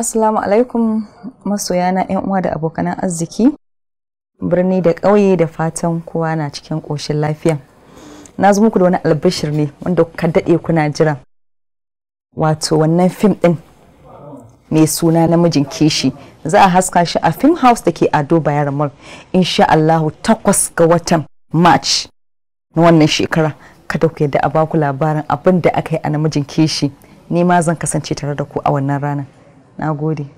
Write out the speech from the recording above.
Assalamu alaikum masoyana 'yan uwa da abokanan arziki birni da ƙauye da fatan kowa na cikin ƙoshin lafiya. Na zo muku da wani albishir ne wanda ka daɗe na jira. Wato wannan fim ɗin mai suna namijin kishi za a haska shi a film house da ke Ado Bayar Mall insha Allahu takwas ga watan March na wannan shekara kada ku yarda a baku labarin abin da aka yi a namijin kishi ni ma zan kasance tare da ku a wannan ranar. na gode